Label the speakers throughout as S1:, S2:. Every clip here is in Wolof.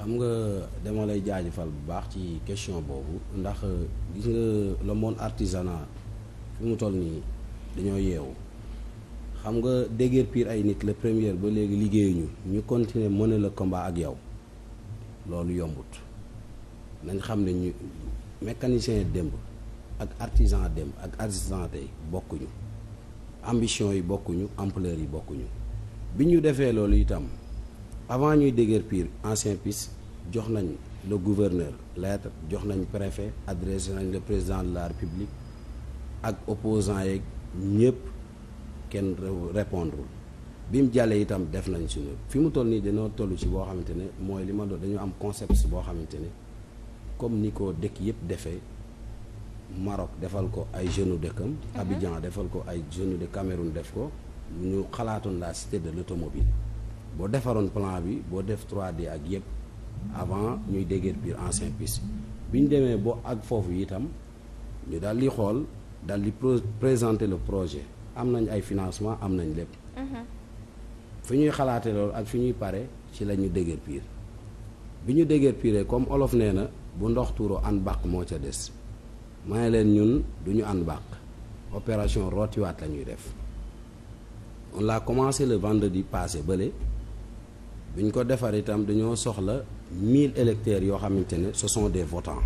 S1: xam nga dama lay jaajëfal bu baax ci question boobu ndax gis nga le monde artisanal fi mu toll nii dañoo yeewu xam nga déggee pire ay nit la premier ba léegi liggéeyuñu ñu continuer mener la combat ak yow loolu yombut nañ xam ne ñu mécanicien démb ak artisan démb ak artisan tey bokkuñu ambition yi bokkuñu ampleur yi bokkuñu bi ñu defee loolu itam. avant ñuy déguerpir ancien PIS jox nañ le gouverneur lettre jox nañ préfet adressé nañ le président de la république ak opposants yeeg ñëpp kenn répondre bi mu jàllee itam def nañ suñu fi mu toll nii dañoo toll ci boo xamante ne mooy li ma doon dañu am concept boo xamante ne comme ni ko dëkk yëpp defee Maroc defal ko ay jeunes dëkkam mhm. Abidjan defal ko ay jeunes de Cameroun def ko ñu xalaatoon la cité de l'automobile boo defaroon plan bi boo def trois d ak yëpp avant ñuy déguerpir ancien piste bi ñu demee boo ak foofu itam ñu daal di xool daal di présenter le projet am nañ ay financement am nañ lépp mhm. fi ñuy xalaate loolu ak fi ñuy pare ci la ñu déguerpir bi ñu déguerpiree comme olof nee na bu ndox tuuroo an bàq moo ca des ma ne leen ñun duñu ñu an bàq opération rootiwaat lañuy def on laa commencé le vendredi passé bale bu ko defar itam dañoo soxla mille électeurs yoo xamante ne ce sont des votants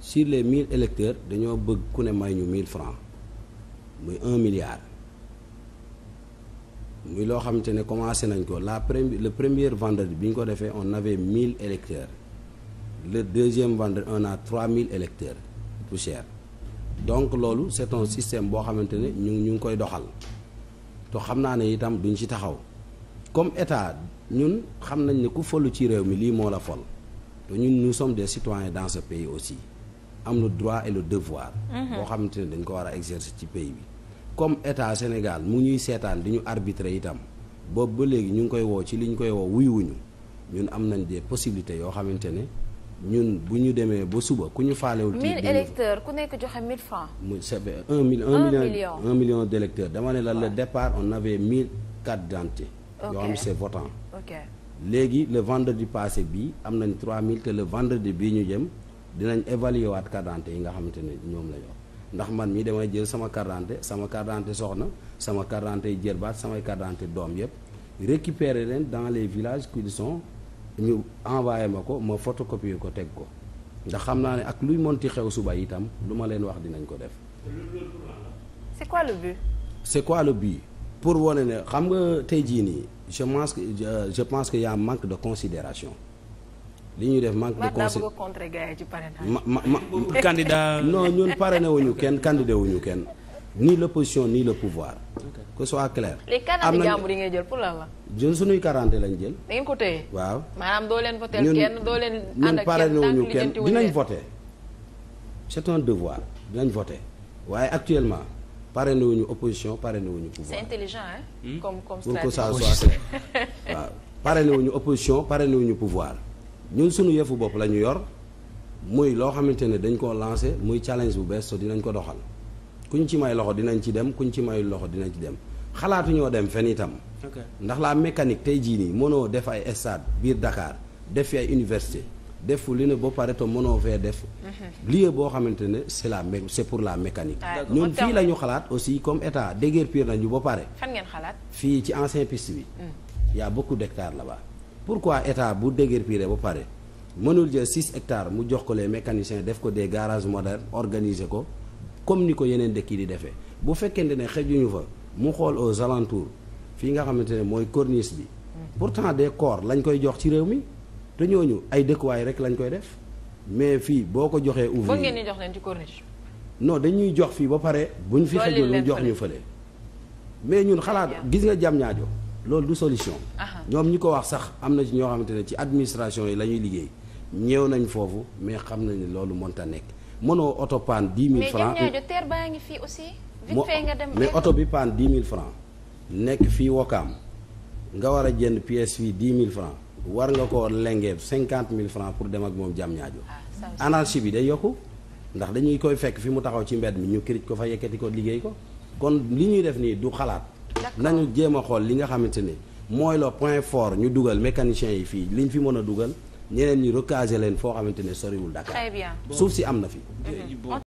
S1: sur les mille électeurs dañoo bëgg ku ne may ñu mille francs muy un milliard muy loo xamante ne commencé nañ ko la première le premier vendredi bi ñu ko defee on avait mille électeurs le deuxième vendredi on a trois mille électeurs plus donc loolu c'est système boo xamante ne ñu ñu ngi koy doxal te xam naa ne itam duñ ci taxaw comme état ñun xam nañ ne ku folu ci réew mi lii moo la fol te ñun nous sommes des citoyens dans ce pays aussi am le droit et le devoir. Mhm. boo xamante ne dañ ko war a exercer ci pays bi. comme état Sénégal mu ñuy seetaan di ñu arbitrer itam boobu ba léegi ñu ngi koy woo ci li ñu koy woo wuyuwuñu ñun am nañ des possibilités yoo xamante ni ñun bu ñu demee ba suba ku ñu faalewul. ci 1000 électeurs ku nekk joxe 1000 francs. mu c'est un million un million d'électeurs dama ne la le départ on avait 1000 cartes yoo xam ne léegi le vendredi passé bii am nañ 3000 te le vendredi bii ñu jëm dinañ évaluer waat carte d'identité yi nga xamante ne ñoom la ndax man mii damay jël sama carte sama carte d'identité soxna sama carte d'identité jërbaat samay carte doom yëpp récupérer leen dans les villages qu'ils ñu envoyé ma ko ma photocopier ko teg ko ndax xam naa ne ak luy monti xew suba itam lu ma leen wax dinañ ko def. c'est quoi le but? pour wane ne xam nga tey jii nii je pense que je pense que y' a manque de considération li ñuy def manque de consi ma ma ma candidat non ñun parrainé wuñu kenn candidat wuñu kenn ni l'opposition ni le pouvoir. que soit clair. am na léegi jàmbur yi ngay jël pour lan la. jël suñuy quarante lañ jël. da ngeen ko téye. waaw maanaam doo leen voté kenn doo leen. ànd ak kenn ñun parrainé wuñu kenn dinañ voté. c' est un devoir dinañ voté waaye actuellement. parrainé wuñu opposition parrainé wuñu pouvoir. c'est intelligent hein. Hmm? comme comme stratégie waaw parrainé wuñu opposition parrainé pouvoir ñun suñu yëfu bopp la ñu yor muy loo xamante ne dañ ko lancé muy challenge bu bees so dinañ ko doxal kuñ ci may loxo dinañ ci dem kuñ ci may loxo dinañ ci dem xalaatu ñoo dem fenn itam. ndax laa mécanique tey jii nii mënoo def ay estade biir dakaar def fi ay université defu li ne ba pare te mënoo fee def. Mhm. lieu boo xamante ne c'est la mé c'est pour la mécanique. Ah, ñun fii la ñu xalaat aussi comme état déguerpir nañu ba pare. fan ngeen fii ci ancien piste bi. Mm. y a ectare la ba bas pourquoi état bu déguerpir ba pare mënul jël six hectares mu jox ko les mécaniciens def ko des garages modernes organiser ko comme ni ko yeneen dëkk di defee bu fekkente ne ñu fa mu xool aux alentours fii nga xamante ne mooy corniche bi. Mm. pourtant des corps koy jox ci réew mi. te ñooñu ay dëkkuwaay rek lañ koy def mais fii boo ko joxee ouvrier bëgg jox leen ci corniche non dañuy jox fii ba pare bu ñu fi xajul ñu jox ñu fële mais ñun xalaat gis nga jam ñaajo loolu du solution ñoom ñi ko wax sax am na ci ñoo xamante ne ci administration yi la ñuy liggéey ñëw nañ foofu mais xam nañ ne loolu mënta nekk mënoo oto paan dix mille francs mais oto bi paan dix mille francs nekk fii Wakaam nga war a jenn pièce fii dix mille francs war nga ko lengeeb cinquante mille francs pour dem ak moom jàmm ñaajo ah, anarchie bi day yokku ndax dañuy koy fekk fi mu taxaw ci mbedd mi ñu kirij ko fa yekkati ko liggéey ko kon li ñuy def nii du xalaat nañu jéem a xool li nga xamante ni mooy le point fort ñu dugal mécaniciens yi fii liñ fi mën a dugal ñeneen ñi recaser leen foo xamante ne soriwul Dakar suuf si am na fi mhm.